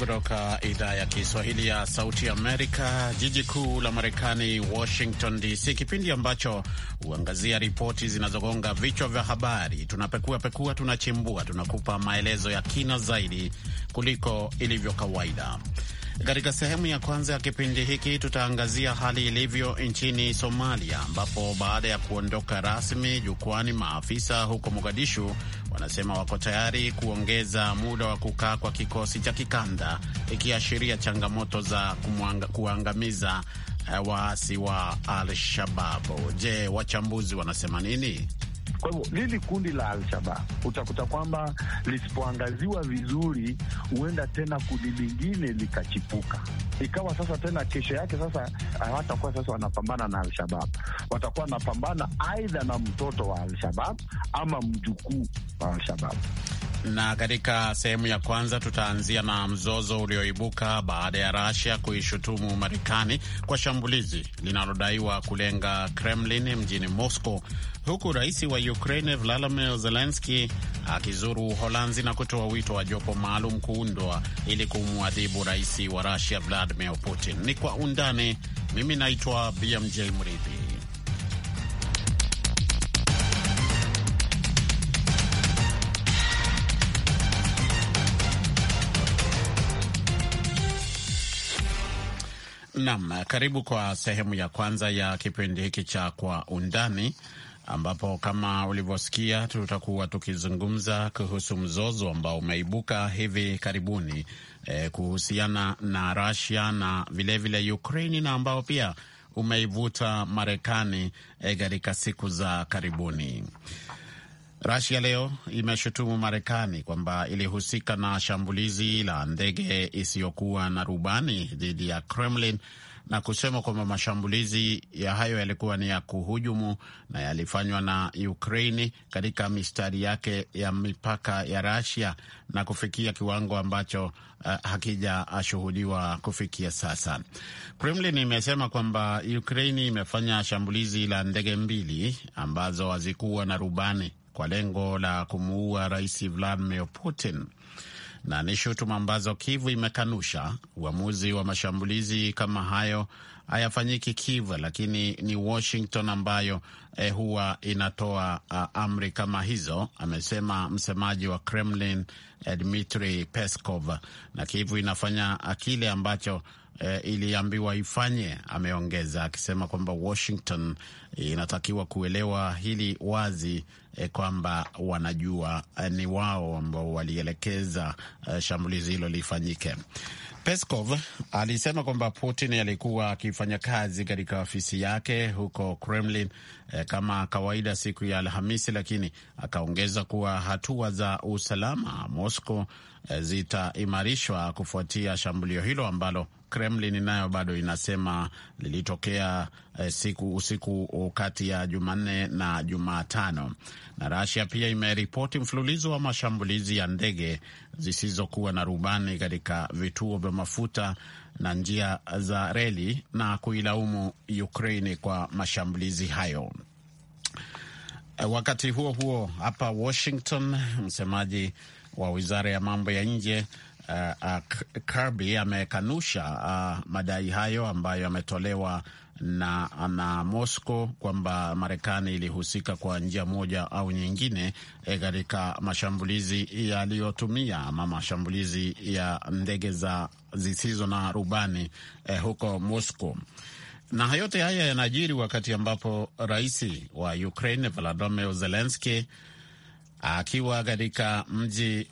kutoka idhaa ya Kiswahili ya Sauti Amerika, jiji kuu la Marekani, Washington DC, kipindi ambacho huangazia ripoti zinazogonga vichwa vya habari. tunapekua pekua tunachimbua, tunakupa maelezo ya kina zaidi kuliko ilivyo kawaida. Katika sehemu ya kwanza ya kipindi hiki tutaangazia hali ilivyo nchini Somalia, ambapo baada ya kuondoka rasmi jukwani, maafisa huko Mogadishu wanasema wako tayari kuongeza muda wa kukaa kwa kikosi cha kikanda, ikiashiria changamoto za kuangamiza eh, waasi wa Al Shababu. Je, wachambuzi wanasema nini? Kwa hivyo lili kundi la Al-Shabab utakuta kwamba lisipoangaziwa vizuri, huenda tena kundi lingine likachipuka ikawa sasa tena kesho yake sasa hawatakuwa sasa wanapambana na Alshabab, watakuwa wanapambana aidha na mtoto wa Alshabab ama mjukuu wa Alshabab. Na katika sehemu ya kwanza tutaanzia na mzozo ulioibuka baada ya Russia kuishutumu Marekani kwa shambulizi linalodaiwa kulenga Kremlin mjini Moscow, huku rais wa Ukraine vladimir zelenski akizuru Uholanzi na kutoa wito wa jopo maalum kuundwa ili kumwadhibu rais wa Russia Vladimir Putin. Ni kwa undani. Mimi naitwa BMJ Mridhi. Naam, karibu kwa sehemu ya kwanza ya kipindi hiki cha Kwa Undani, ambapo kama ulivyosikia, tutakuwa tukizungumza kuhusu mzozo ambao umeibuka hivi karibuni eh, kuhusiana na Russia na vilevile Ukraini na ambao pia umeivuta Marekani eh, katika eh, siku za karibuni. Rasia leo imeshutumu Marekani kwamba ilihusika na shambulizi la ndege isiyokuwa na rubani dhidi ya Kremlin na kusema kwamba mashambulizi ya hayo yalikuwa ni ya kuhujumu na yalifanywa na Ukraini katika mistari yake ya mipaka ya Rasia na kufikia kiwango ambacho uh, hakijashuhudiwa kufikia sasa. Kremlin imesema kwamba Ukraini imefanya shambulizi la ndege mbili ambazo hazikuwa na rubani kwa lengo la kumuua rais Vladimir Putin, na ni shutuma ambazo Kivu imekanusha. Uamuzi wa mashambulizi kama hayo hayafanyiki Kivu, lakini ni Washington ambayo eh, huwa inatoa uh, amri kama hizo, amesema msemaji wa Kremlin eh, Dmitri Peskov. Na Kivu inafanya eh, kile ambacho eh, iliambiwa ifanye, ameongeza akisema kwamba Washington inatakiwa kuelewa hili wazi eh, kwamba wanajua eh, ni wao ambao walielekeza eh, shambulizi hilo lifanyike. Peskov alisema kwamba Putin alikuwa akifanya kazi katika ofisi yake huko Kremlin eh, kama kawaida siku ya Alhamisi, lakini akaongeza kuwa hatua za usalama Moscow eh, zitaimarishwa kufuatia shambulio hilo ambalo Kremlin nayo bado inasema lilitokea eh, siku usiku kati ya Jumanne na Jumatano. Na Rasia pia imeripoti mfululizo wa mashambulizi ya ndege zisizokuwa na rubani katika vituo vya mafuta na njia za reli na kuilaumu Ukraini kwa mashambulizi hayo. Eh, wakati huo huo, hapa Washington, msemaji wa wizara ya mambo ya nje uh, uh, Kirby amekanusha uh, madai hayo ambayo yametolewa na, na Moscow kwamba Marekani ilihusika kwa njia moja au nyingine eh, katika e, mashambulizi yaliyotumia ama mashambulizi ya ndege za zisizo na rubani e, huko Moscow. Na hayote haya yanajiri wakati ambapo rais wa Ukraine Volodymyr Zelensky akiwa katika mji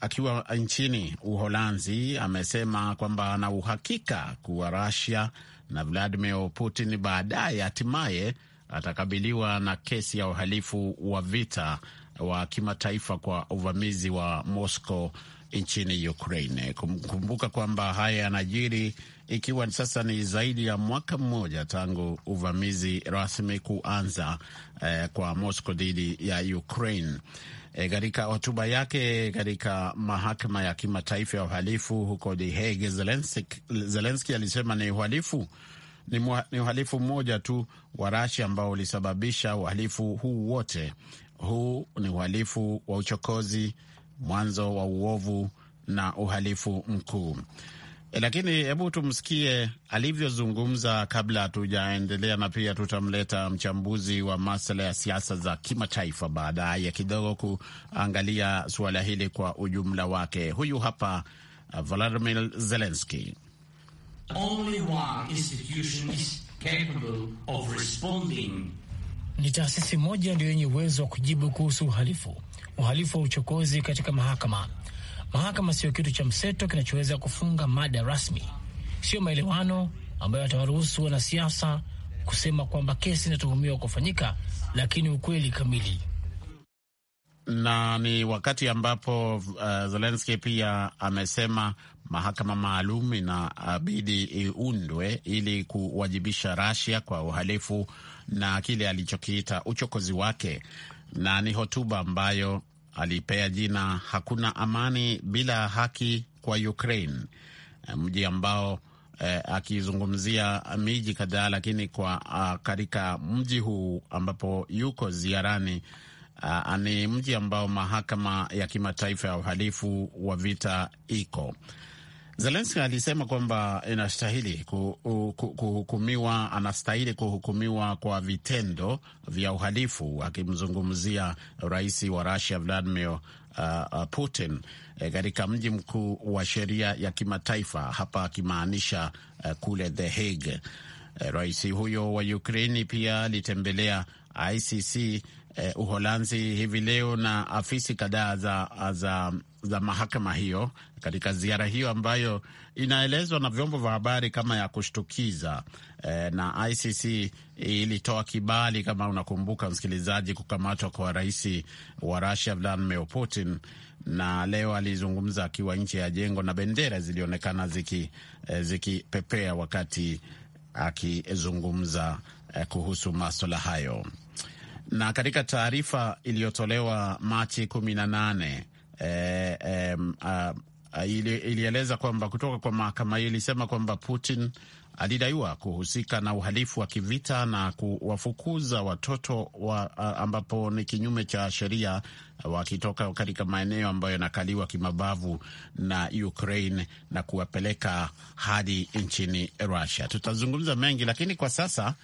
akiwa nchini Uholanzi amesema kwamba ana uhakika kuwa rasia na Vladimir Putin baadaye hatimaye atakabiliwa na kesi ya uhalifu wa vita wa kimataifa kwa uvamizi wa Moscow nchini Ukraine. Kumbuka kwamba haya yanajiri ikiwa sasa ni zaidi ya mwaka mmoja tangu uvamizi rasmi kuanza eh, kwa Moscow dhidi ya Ukraine. Eh, katika hotuba yake katika mahakama ya kimataifa ya uhalifu huko The Hague, Zelensky, Zelensky alisema ni uhalifu ni, mwa, ni uhalifu mmoja tu wa Rashi ambao ulisababisha uhalifu huu wote. Huu ni uhalifu wa uchokozi, mwanzo wa uovu na uhalifu mkuu. Lakini hebu tumsikie alivyozungumza kabla hatujaendelea, na pia tutamleta mchambuzi wa masuala ya siasa za kimataifa baadaye kidogo kuangalia suala hili kwa ujumla wake. Huyu hapa uh, Volodymyr Zelensky. Only one institution is capable of responding. Ni taasisi moja ndio yenye uwezo wa kujibu kuhusu uhalifu, uhalifu wa uchokozi katika mahakama Mahakama siyo kitu cha mseto kinachoweza kufunga mada rasmi, sio maelewano ambayo atawaruhusu wanasiasa kusema kwamba kesi inatuhumiwa kufanyika, lakini ukweli kamili na ni wakati ambapo uh, Zelenski pia amesema mahakama maalum inabidi iundwe ili kuwajibisha Rasia kwa uhalifu na kile alichokiita uchokozi wake, na ni hotuba ambayo aliipea jina hakuna amani bila haki kwa Ukraine, mji ambao eh, akizungumzia miji kadhaa, lakini kwa uh, katika mji huu ambapo yuko ziarani uh, ni mji ambao mahakama ya kimataifa ya uhalifu wa vita iko Zelenski alisema kwamba inastahili kuhukumiwa, anastahili kuhukumiwa kwa vitendo vya uhalifu, akimzungumzia rais wa Rusia Vladimir uh, uh, Putin eh, katika mji mkuu wa sheria ya kimataifa, hapa akimaanisha eh, kule The Hague. Eh, rais huyo wa Ukraini pia alitembelea ICC Uholanzi hivi leo na afisi kadhaa za za mahakama hiyo katika ziara hiyo ambayo inaelezwa na vyombo vya habari kama ya kushtukiza e, na ICC ilitoa kibali, kama unakumbuka msikilizaji, kukamatwa kwa rais wa Russia Vladimir Putin, na leo alizungumza akiwa nje ya jengo na bendera zilionekana eh, zikipepea ziki wakati akizungumza eh, kuhusu maswala hayo. Na katika taarifa iliyotolewa Machi 18 eh, eh, uh, ili, ilieleza kwamba kutoka kwa mahakama hiyo ilisema kwamba Putin alidaiwa kuhusika na uhalifu wa kivita na kuwafukuza watoto wa, ambapo ni kinyume cha sheria wakitoka katika maeneo ambayo yanakaliwa kimabavu na Ukraine na kuwapeleka hadi nchini Russia. Tutazungumza mengi, lakini kwa sasa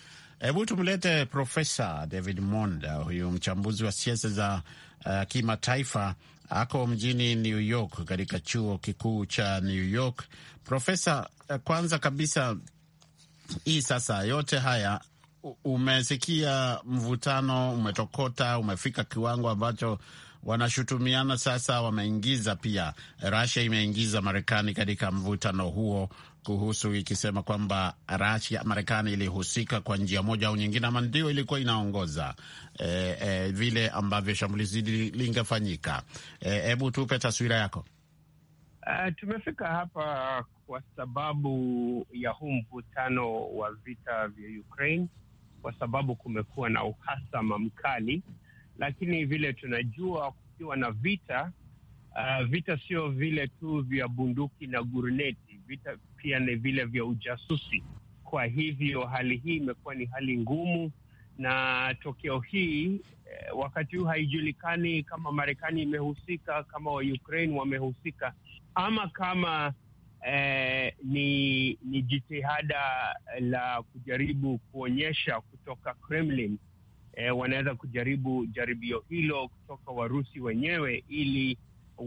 Hebu tumlete Profesa David Monda, huyu mchambuzi wa siasa za uh, kimataifa ako mjini New York katika chuo kikuu cha New York. Profesa, uh, kwanza kabisa, hii sasa yote haya umesikia, mvutano umetokota, umefika kiwango ambacho wanashutumiana sasa, wameingiza pia Russia, imeingiza Marekani katika mvutano huo kuhusu ikisema kwamba Rasia, Marekani ilihusika kwa njia moja au nyingine, ama ndio ilikuwa inaongoza e, e, vile ambavyo shambulizi lingefanyika. E, hebu e, tupe taswira yako. Uh, tumefika hapa kwa sababu ya huu mvutano wa vita vya Ukraine, kwa sababu kumekuwa na uhasama mkali, lakini vile tunajua kukiwa na vita Uh, vita sio vile tu vya bunduki na guruneti, vita pia ni vile vya ujasusi. Kwa hivyo hali hii imekuwa ni hali ngumu, na tokeo hii eh, wakati huu haijulikani kama Marekani imehusika, kama wa Ukraine wamehusika, ama kama eh, ni, ni jitihada la kujaribu kuonyesha kutoka Kremlin eh, wanaweza kujaribu jaribio hilo kutoka Warusi wenyewe ili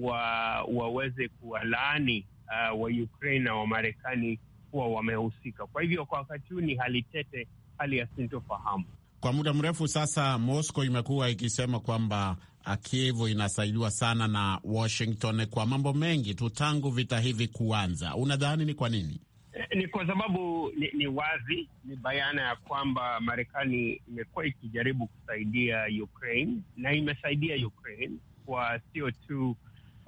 wa, waweze kuwalaani uh, wa Ukraine na Wamarekani kuwa wamehusika. Kwa hivyo kwa wakati huu ni hali tete, hali ya sintofahamu. Kwa muda mrefu sasa, Moscow imekuwa ikisema kwamba uh, Kiev inasaidiwa sana na Washington kwa mambo mengi tu tangu vita hivi kuanza. Unadhani ni kwa nini? Eh, ni kwa sababu ni, ni wazi ni bayana ya kwamba Marekani imekuwa ikijaribu kusaidia Ukraine na imesaidia Ukraine kwa sio tu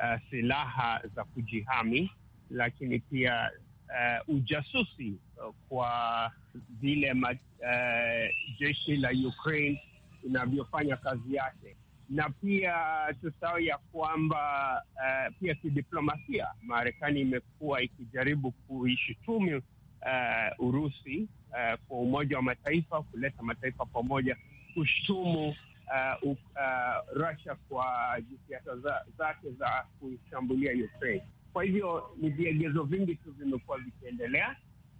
uh, silaha za kujihami, lakini pia uh, ujasusi uh, kwa vile uh, jeshi la Ukraine inavyofanya kazi yake, na pia tusahau ya kwamba uh, pia kidiplomasia, Marekani imekuwa ikijaribu kuishutumu uh, Urusi uh, kwa Umoja wa Mataifa kuleta mataifa pamoja kushutumu uh, uh, Russia kwa jitihada za, zake za kuishambulia Ukraine. Kwa hivyo ni viegezo vingi tu vimekuwa vikiendelea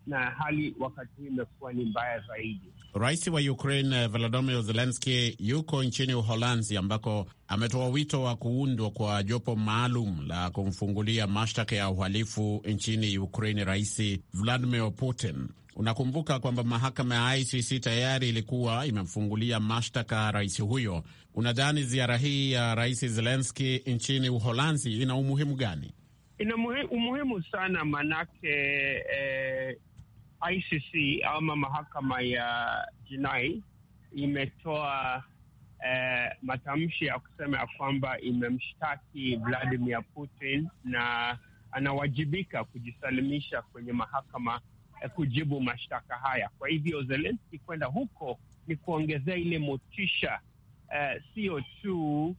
na hali wakati huu imekuwa ni mbaya zaidi. Rais wa Ukraine eh, Volodymyr Zelensky yuko nchini Uholanzi ambako ametoa wito wa kuundwa kwa jopo maalum la kumfungulia mashtaka ya uhalifu nchini Ukraine Rais Vladimir Putin. Unakumbuka kwamba mahakama ya ICC tayari ilikuwa imemfungulia mashtaka rais huyo. Unadhani ziara hii ya Rais Zelenski nchini Uholanzi ina umuhimu gani? Ina umuhimu sana manake eh, ICC ama mahakama ya jinai imetoa eh, matamshi ya kusema ya kwamba imemshtaki Vladimir Putin na anawajibika kujisalimisha kwenye mahakama kujibu mashtaka haya. Kwa hivyo Zelenski kwenda huko ni kuongezea ile motisha eh, sio uh, tu uh,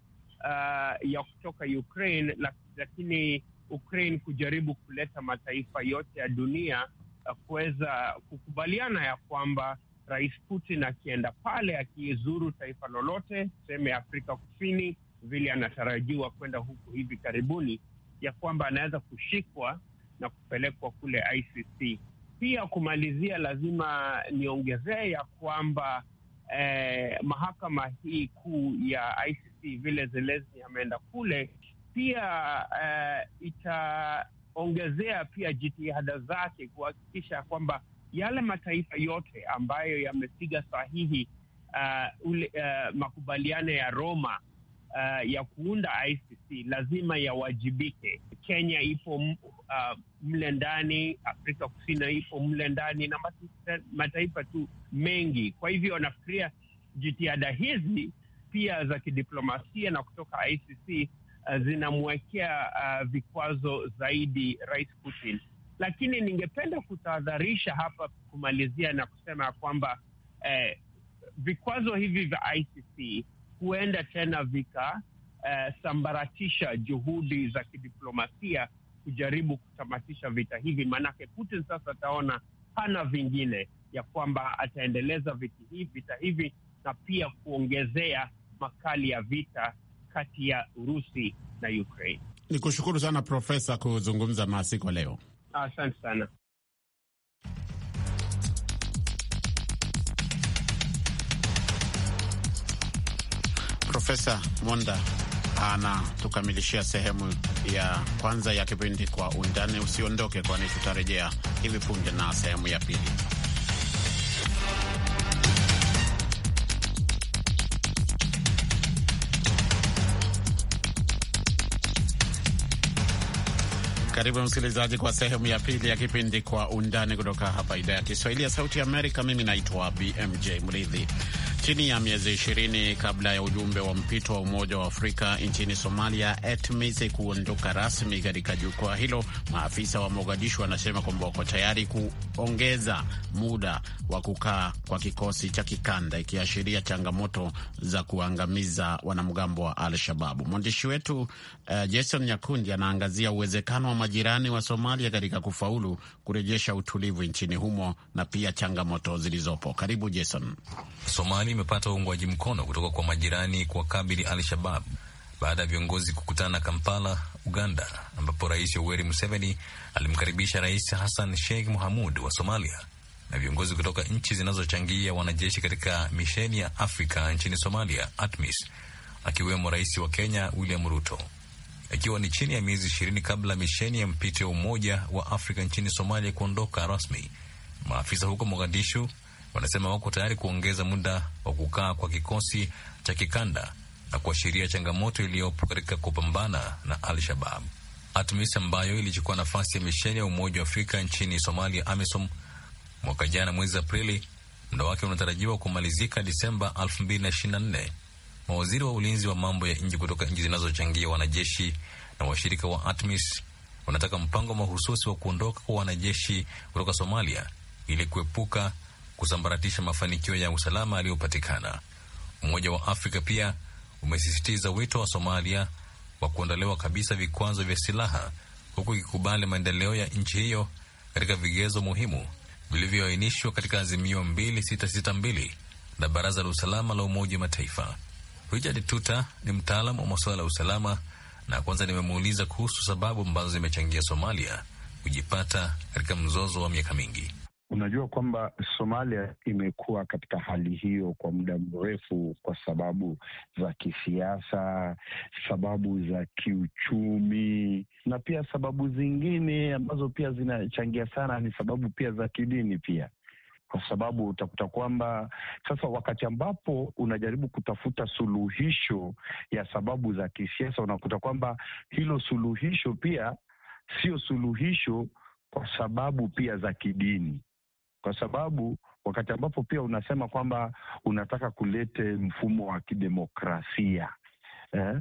ya kutoka Ukraine, lakini Ukraine kujaribu kuleta mataifa yote ya dunia uh, kuweza kukubaliana ya kwamba Rais Putin akienda pale, akizuru taifa lolote, tuseme Afrika Kusini, vile anatarajiwa kwenda huku hivi karibuni, ya kwamba anaweza kushikwa na kupelekwa kule ICC. Pia kumalizia, lazima niongezee ya kwamba eh, mahakama hii kuu ya ICC vile Zelensky ameenda kule pia eh, itaongezea pia jitihada zake kuhakikisha kwamba yale mataifa yote ambayo yamepiga sahihi uh, ule, uh, makubaliano ya Roma uh, ya kuunda ICC lazima yawajibike. Kenya ipo uh, mle ndani, Afrika Kusini ipo mle ndani na mataifa tu mengi. Kwa hivyo nafikiria jitihada hizi pia za kidiplomasia na kutoka ICC uh, eh, zinamwekea uh, vikwazo zaidi Rais Putin, lakini ningependa kutahadharisha hapa kumalizia na kusema ya kwamba eh, vikwazo hivi vya ICC huenda tena vikasambaratisha eh, uh, juhudi za kidiplomasia kujaribu kutamatisha vita hivi. Maanake Putin sasa ataona hana vingine ya kwamba ataendeleza vita hivi, vita hivi na pia kuongezea makali ya vita kati ya Urusi na Ukraine. Ni kushukuru sana Profesa kuzungumza nasi kwa leo. Asante sana. Profesa Monda anatukamilishia sehemu ya kwanza ya kipindi Kwa Undani. Usiondoke, kwani tutarejea hivi punde na sehemu ya pili. Karibu msikilizaji, kwa sehemu ya pili ya kipindi Kwa Undani kutoka hapa idhaa ya Kiswahili ya Sauti Amerika. Mimi naitwa BMJ Mridhi. Chini ya miezi ishirini kabla ya ujumbe wa mpito wa Umoja wa Afrika nchini Somalia ATMIS kuondoka rasmi katika jukwaa hilo, maafisa wa Mogadishu wanasema kwamba wako tayari kuongeza muda wa kukaa kwa kikosi cha kikanda, ikiashiria changamoto za kuangamiza wanamgambo wa Al-Shababu. Mwandishi wetu uh, Jason Nyakundi anaangazia uwezekano wa majirani wa Somalia katika kufaulu kurejesha utulivu nchini humo na pia changamoto zilizopo. Karibu Jason. Somali imepata uungwaji mkono kutoka kwa majirani kwa kabili Al-Shabab baada ya viongozi kukutana Kampala, Uganda, ambapo Rais Yoweri Museveni alimkaribisha Rais Hassan Sheikh Mohamud wa Somalia na viongozi kutoka nchi zinazochangia wanajeshi katika misheni ya Afrika nchini Somalia, ATMIS, akiwemo Rais wa Kenya William Ruto, ikiwa ni chini ya miezi ishirini kabla misheni ya mpito ya Umoja wa Afrika nchini Somalia kuondoka rasmi. Maafisa huko Mogadishu wanasema wako tayari kuongeza muda wa kukaa kwa kikosi cha kikanda na kuashiria changamoto iliyopo katika kupambana na Al-Shabab. ATMIS ambayo ilichukua nafasi ya misheni ya Umoja wa Afrika nchini Somalia, AMISOM, mwaka jana mwezi Aprili, muda wake unatarajiwa kumalizika Disemba 2024. Mawaziri wa ulinzi wa mambo ya nje kutoka nchi zinazochangia wanajeshi na washirika wa ATMIS wanataka mpango mahususi wa kuondoka kwa wanajeshi kutoka Somalia ili kuepuka kusambaratisha mafanikio ya usalama yaliyopatikana. Umoja wa Afrika pia umesisitiza wito wa Somalia wa kuondolewa kabisa vikwazo vya silaha huku ikikubali maendeleo ya nchi hiyo katika vigezo muhimu vilivyoainishwa katika azimio 2662 la Baraza la Usalama la Umoja wa Mataifa. Richard Tuta ni mtaalamu wa masuala ya usalama, na kwanza nimemuuliza kuhusu sababu ambazo zimechangia Somalia kujipata katika mzozo wa miaka mingi. Unajua kwamba Somalia imekuwa katika hali hiyo kwa muda mrefu, kwa sababu za kisiasa, sababu za kiuchumi, na pia sababu zingine ambazo pia zinachangia sana ni sababu pia za kidini pia kwa sababu utakuta kwamba sasa, wakati ambapo unajaribu kutafuta suluhisho ya sababu za kisiasa, unakuta kwamba hilo suluhisho pia sio suluhisho kwa sababu pia za kidini kwa sababu wakati ambapo pia unasema kwamba unataka kulete mfumo wa kidemokrasia eh,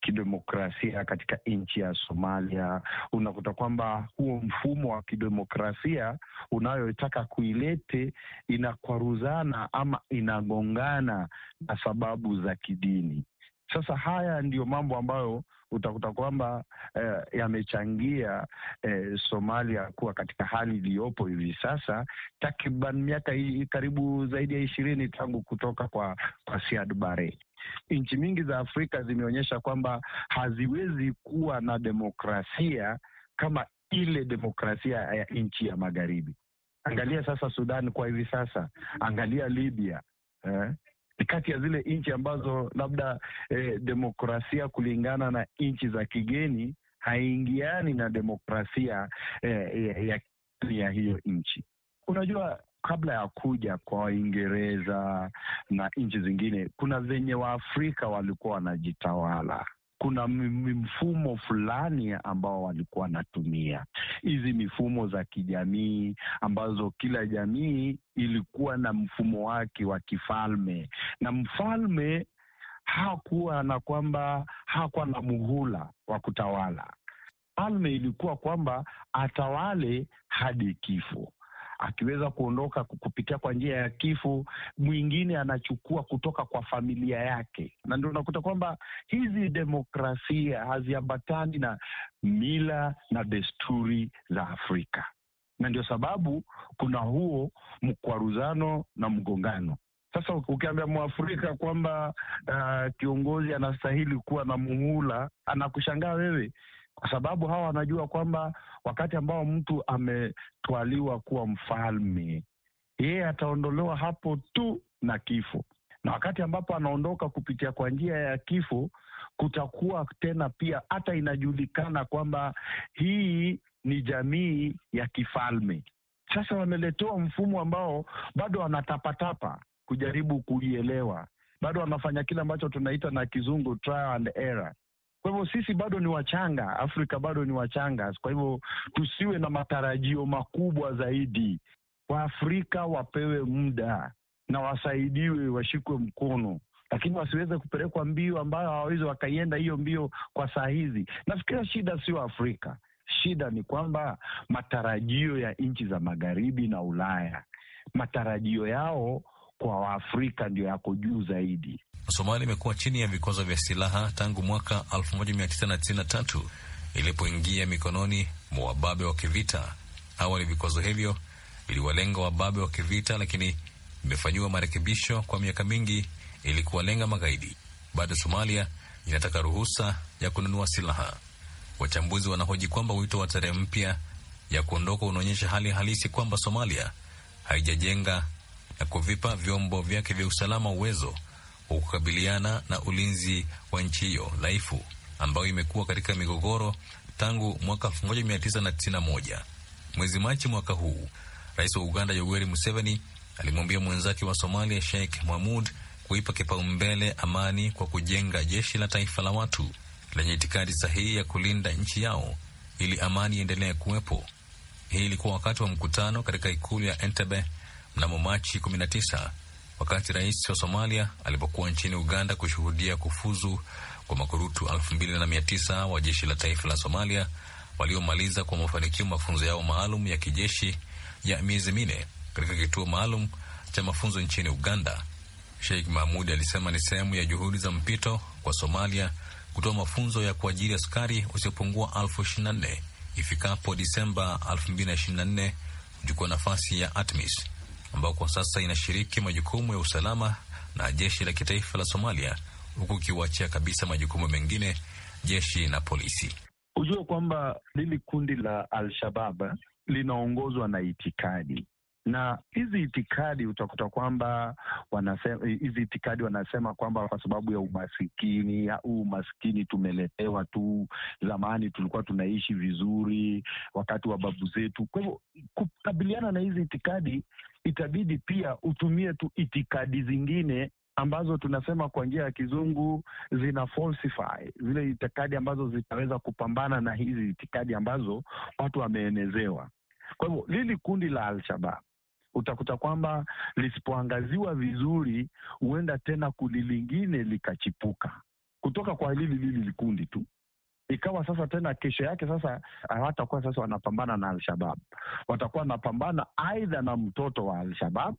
kidemokrasia katika nchi ya Somalia, unakuta kwamba huo mfumo wa kidemokrasia unayotaka kuilete inakwaruzana ama inagongana na sababu za kidini. Sasa haya ndiyo mambo ambayo utakuta kwamba eh, yamechangia eh, Somalia kuwa katika hali iliyopo hivi sasa, takriban miaka hii karibu zaidi ya ishirini tangu kutoka kwa, kwa Siad Barre. Nchi mingi za Afrika zimeonyesha kwamba haziwezi kuwa na demokrasia kama ile demokrasia ya nchi ya magharibi. Angalia sasa Sudan kwa hivi sasa, angalia Libya eh, kati ya zile nchi ambazo labda eh, demokrasia kulingana na nchi za kigeni haiingiani na demokrasia eh, ya ya hiyo nchi. Unajua, kabla ya kuja kwa Waingereza na nchi zingine, kuna venye Waafrika walikuwa wanajitawala kuna mfumo fulani ambao walikuwa wanatumia, hizi mifumo za kijamii ambazo kila jamii ilikuwa na mfumo wake wa kifalme, na mfalme hakuwa na kwamba hakuwa na muhula wa kutawala. Mfalme ilikuwa kwamba atawale hadi kifo akiweza kuondoka kupitia kwa njia ya kifo, mwingine anachukua kutoka kwa familia yake, na ndio unakuta kwamba hizi demokrasia haziambatani na mila na desturi za Afrika, na ndio sababu kuna huo mkwaruzano na mgongano. Sasa ukiambia Mwafrika kwamba uh, kiongozi anastahili kuwa na muhula, anakushangaa wewe kwa sababu hawa wanajua kwamba wakati ambao mtu ametwaliwa kuwa mfalme, yeye ataondolewa hapo tu na kifo, na wakati ambapo anaondoka kupitia kwa njia ya kifo, kutakuwa tena pia hata inajulikana kwamba hii ni jamii ya kifalme. Sasa wameletewa mfumo ambao bado wanatapatapa kujaribu kuielewa, bado wanafanya kile ambacho tunaita na kizungu trial and error. Kwa hivyo sisi bado ni wachanga, Afrika bado ni wachanga. Kwa hivyo tusiwe na matarajio makubwa zaidi. Waafrika wapewe muda na wasaidiwe, washikwe mkono, lakini wasiweze kupelekwa mbio ambayo hawawezi wakaienda hiyo mbio kwa saa hizi. Nafikira shida sio Afrika, shida ni kwamba matarajio ya nchi za magharibi na Ulaya, matarajio yao kwa Waafrika ndio yako juu zaidi. Somalia imekuwa chini ya vikwazo vya silaha tangu mwaka 1993 ilipoingia mikononi mwa wababe wa kivita. Awali vikwazo hivyo viliwalenga wababe wa kivita, lakini vimefanyiwa marekebisho kwa miaka mingi ili kuwalenga magaidi. Bado Somalia inataka ruhusa ya kununua silaha. Wachambuzi wanahoji kwamba wito wa tarehe mpya ya kuondoka unaonyesha hali halisi kwamba Somalia haijajenga na kuvipa vyombo vyake vya usalama uwezo wa kukabiliana na ulinzi wa nchi hiyo dhaifu ambayo imekuwa katika migogoro tangu mwaka 1991. Mwezi Machi mwaka huu, rais wa Uganda Yoweri Museveni alimwambia mwenzake wa Somalia Sheikh Mahmud kuipa kipaumbele amani kwa kujenga jeshi la taifa la watu lenye itikadi sahihi ya kulinda nchi yao ili amani iendelee kuwepo. Hii ilikuwa wakati wa mkutano katika ikulu ya Entebbe mnamo Machi 19 wakati rais wa Somalia alipokuwa nchini Uganda kushuhudia kufuzu kwa makurutu 29 wa jeshi la taifa la Somalia waliomaliza kwa mafanikio mafunzo yao maalum ya kijeshi ya miezi minne katika kituo maalum cha mafunzo nchini Uganda. Sheikh Mahmud alisema ni sehemu ya juhudi za mpito kwa Somalia kutoa mafunzo ya kuajiri askari wasiopungua elfu ishirini na nne ifikapo Disemba elfu kuchukua nafasi ya ATMIS ambao kwa sasa inashiriki majukumu ya usalama na jeshi la kitaifa la Somalia, huku ikiuachia kabisa majukumu mengine jeshi na polisi. hujua kwamba lili kundi la Al-Shabab linaongozwa na itikadi na hizi itikadi utakuta kwamba wanasema hizi itikadi wanasema kwamba kwa sababu ya umasikini, au umasikini tumeletewa tu, zamani tulikuwa tunaishi vizuri wakati wa babu zetu. Kwa hivyo kukabiliana na hizi itikadi itabidi pia utumie tu itikadi zingine ambazo tunasema kwa njia ya kizungu zina falsify zile itikadi ambazo zitaweza kupambana na hizi itikadi ambazo watu wameenezewa. Kwa hivyo lili kundi la alshabab utakuta kwamba lisipoangaziwa vizuri, huenda tena kundi lingine likachipuka kutoka kwa lili lili likundi hawa sasa tena kesho yake sasa hawatakuwa sasa wanapambana na Alshabab, watakuwa wanapambana aidha na mtoto wa Alshabab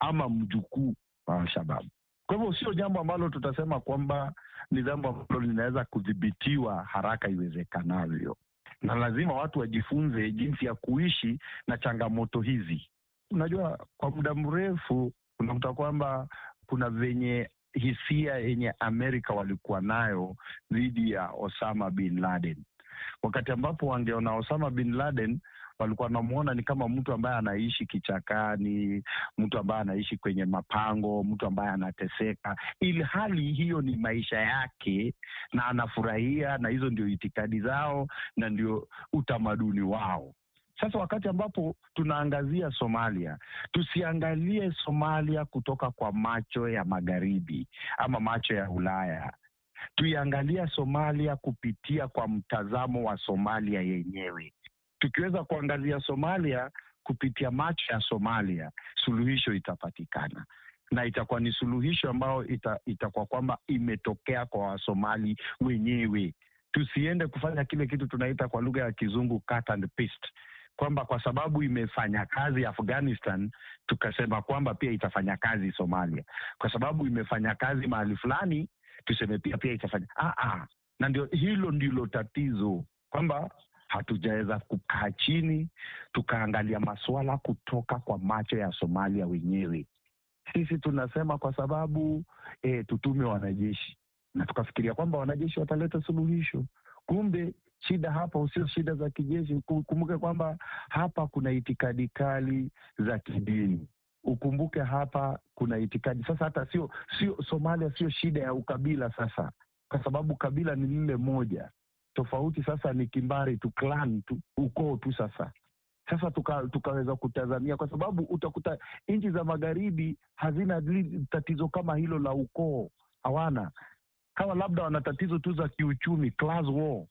ama mjukuu wa Alshabab. Kwa hivyo sio jambo ambalo tutasema kwamba ni jambo ambalo linaweza kudhibitiwa haraka iwezekanavyo, na lazima watu wajifunze jinsi ya kuishi na changamoto hizi. Unajua, kwa muda mrefu unakuta kwamba kuna venye hisia yenye Amerika walikuwa nayo dhidi ya Osama bin Laden, wakati ambapo wangeona Osama bin Laden walikuwa wanamwona ni kama mtu ambaye anaishi kichakani, mtu ambaye anaishi kwenye mapango, mtu ambaye anateseka, ili hali hiyo ni maisha yake na anafurahia, na hizo ndio itikadi zao na ndio utamaduni wao. Sasa wakati ambapo tunaangazia Somalia, tusiangalie Somalia kutoka kwa macho ya magharibi ama macho ya Ulaya. Tuiangalia Somalia kupitia kwa mtazamo wa Somalia yenyewe. Tukiweza kuangazia Somalia kupitia macho ya Somalia, suluhisho itapatikana na itakuwa ni suluhisho ambayo ita, itakuwa kwamba imetokea kwa Wasomali wenyewe. Tusiende kufanya kile kitu tunaita kwa lugha ya Kizungu cut and paste, kwamba kwa sababu imefanya kazi Afghanistan, tukasema kwamba pia itafanya kazi Somalia, kwa sababu imefanya kazi mahali fulani, tuseme pia pia itafanya ah, ah. Na ndio hilo ndilo tatizo kwamba hatujaweza kukaa chini tukaangalia masuala kutoka kwa macho ya Somalia wenyewe. Sisi tunasema kwa sababu e, tutume wanajeshi na tukafikiria kwamba wanajeshi wataleta suluhisho, Kumbe shida hapa usio shida za kijeshi. Kumbuke kwamba hapa kuna itikadi kali za kidini. Ukumbuke hapa kuna itikadi sasa, hata sio sio Somalia sio shida ya ukabila sasa, kwa sababu kabila ni lile moja. Tofauti sasa ni kimbari tu, clan tu, ukoo tu sasa sasa tuka, tukaweza kutazamia kwa sababu utakuta nchi za magharibi hazina tatizo kama hilo la ukoo, hawana kama labda wana tatizo tu za kiuchumi class war.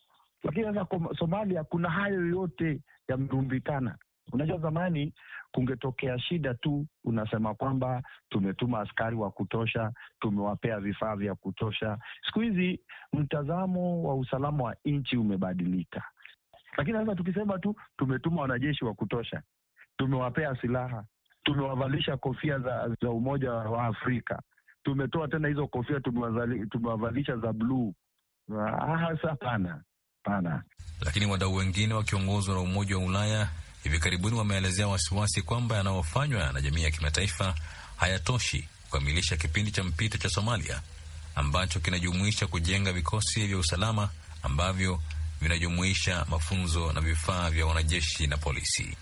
Lakini sasa Somalia kuna hayo yote yamerumbikana. Unajua, zamani kungetokea shida tu, unasema kwamba tumetuma askari wa kutosha, tumewapea vifaa vya kutosha. Siku hizi mtazamo wa usalama wa nchi umebadilika. Lakini sasa tukisema tu tumetuma wanajeshi wa kutosha, tumewapea silaha, tumewavalisha kofia za, za Umoja wa Afrika, tumetoa tena hizo kofia tumewavalisha za bluu. Hasa ah, pana pana. Lakini wadau wengine wakiongozwa na Umoja wa Ulaya hivi karibuni wameelezea wasiwasi kwamba yanayofanywa na jamii ya kimataifa hayatoshi kukamilisha kipindi cha mpito cha Somalia ambacho kinajumuisha kujenga vikosi vya usalama ambavyo vinajumuisha mafunzo na vifaa vya wanajeshi na polisi.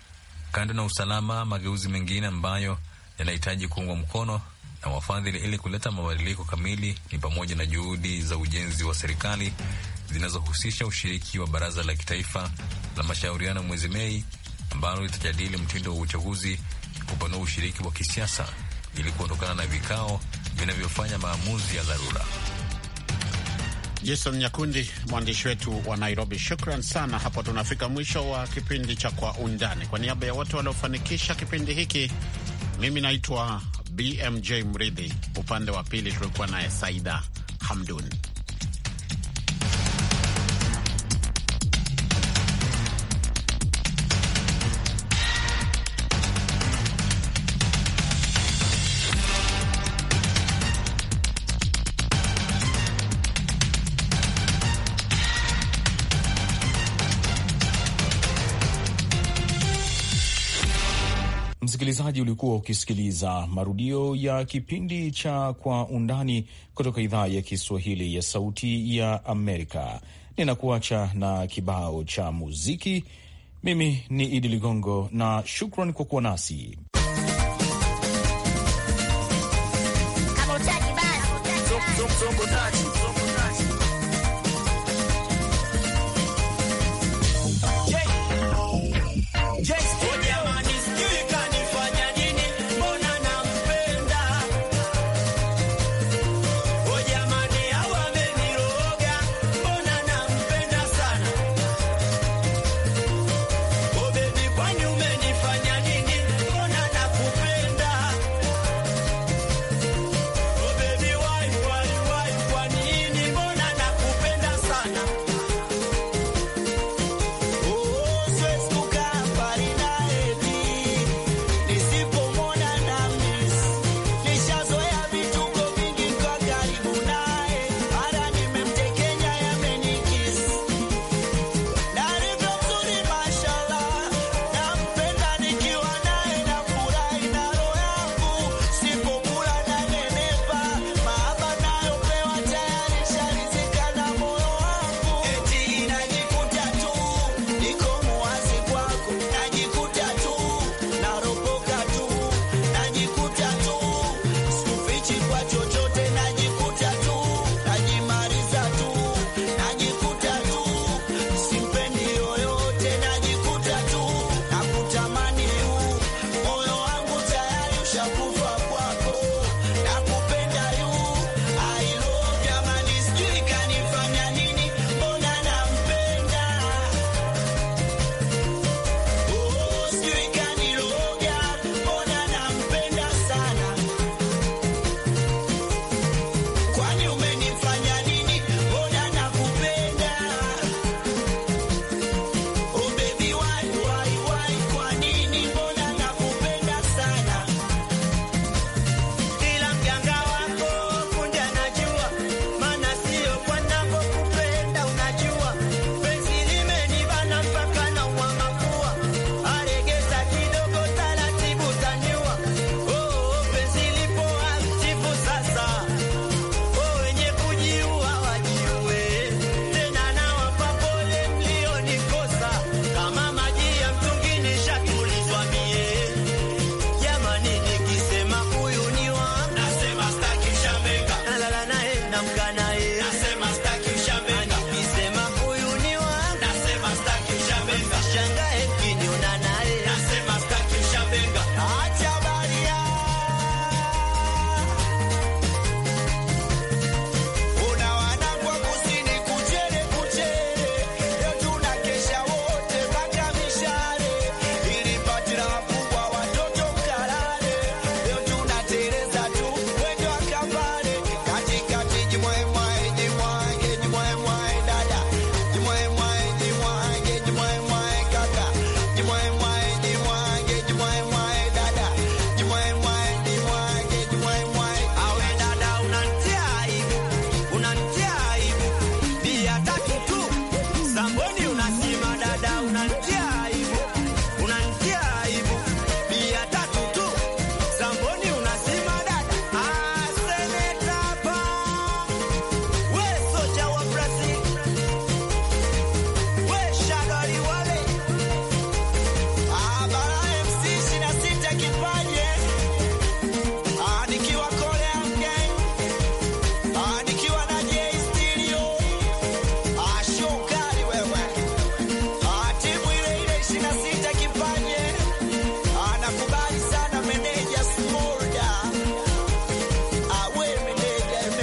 Kando na usalama, mageuzi mengine ambayo yanahitaji kuungwa mkono na wafadhili ili kuleta mabadiliko kamili ni pamoja na juhudi za ujenzi wa serikali zinazohusisha ushiriki wa baraza la kitaifa la mashauriano mwezi Mei ambalo litajadili mtindo wa uchaguzi, kupanua ushiriki wa kisiasa ili kuondokana na vikao vinavyofanya maamuzi ya dharura. Jason Nyakundi, mwandishi wetu wa Nairobi. Shukran sana. Hapo tunafika mwisho wa kipindi cha Kwa Undani. Kwa niaba ya wote waliofanikisha kipindi hiki, mimi naitwa BMJ Mridhi, upande wa pili tulikuwa naye Saida Hamdun. Msikilizaji, ulikuwa ukisikiliza marudio ya kipindi cha Kwa Undani kutoka idhaa ya Kiswahili ya Sauti ya Amerika. Ninakuacha na kibao cha muziki. Mimi ni Idi Ligongo na shukran kwa kuwa nasi.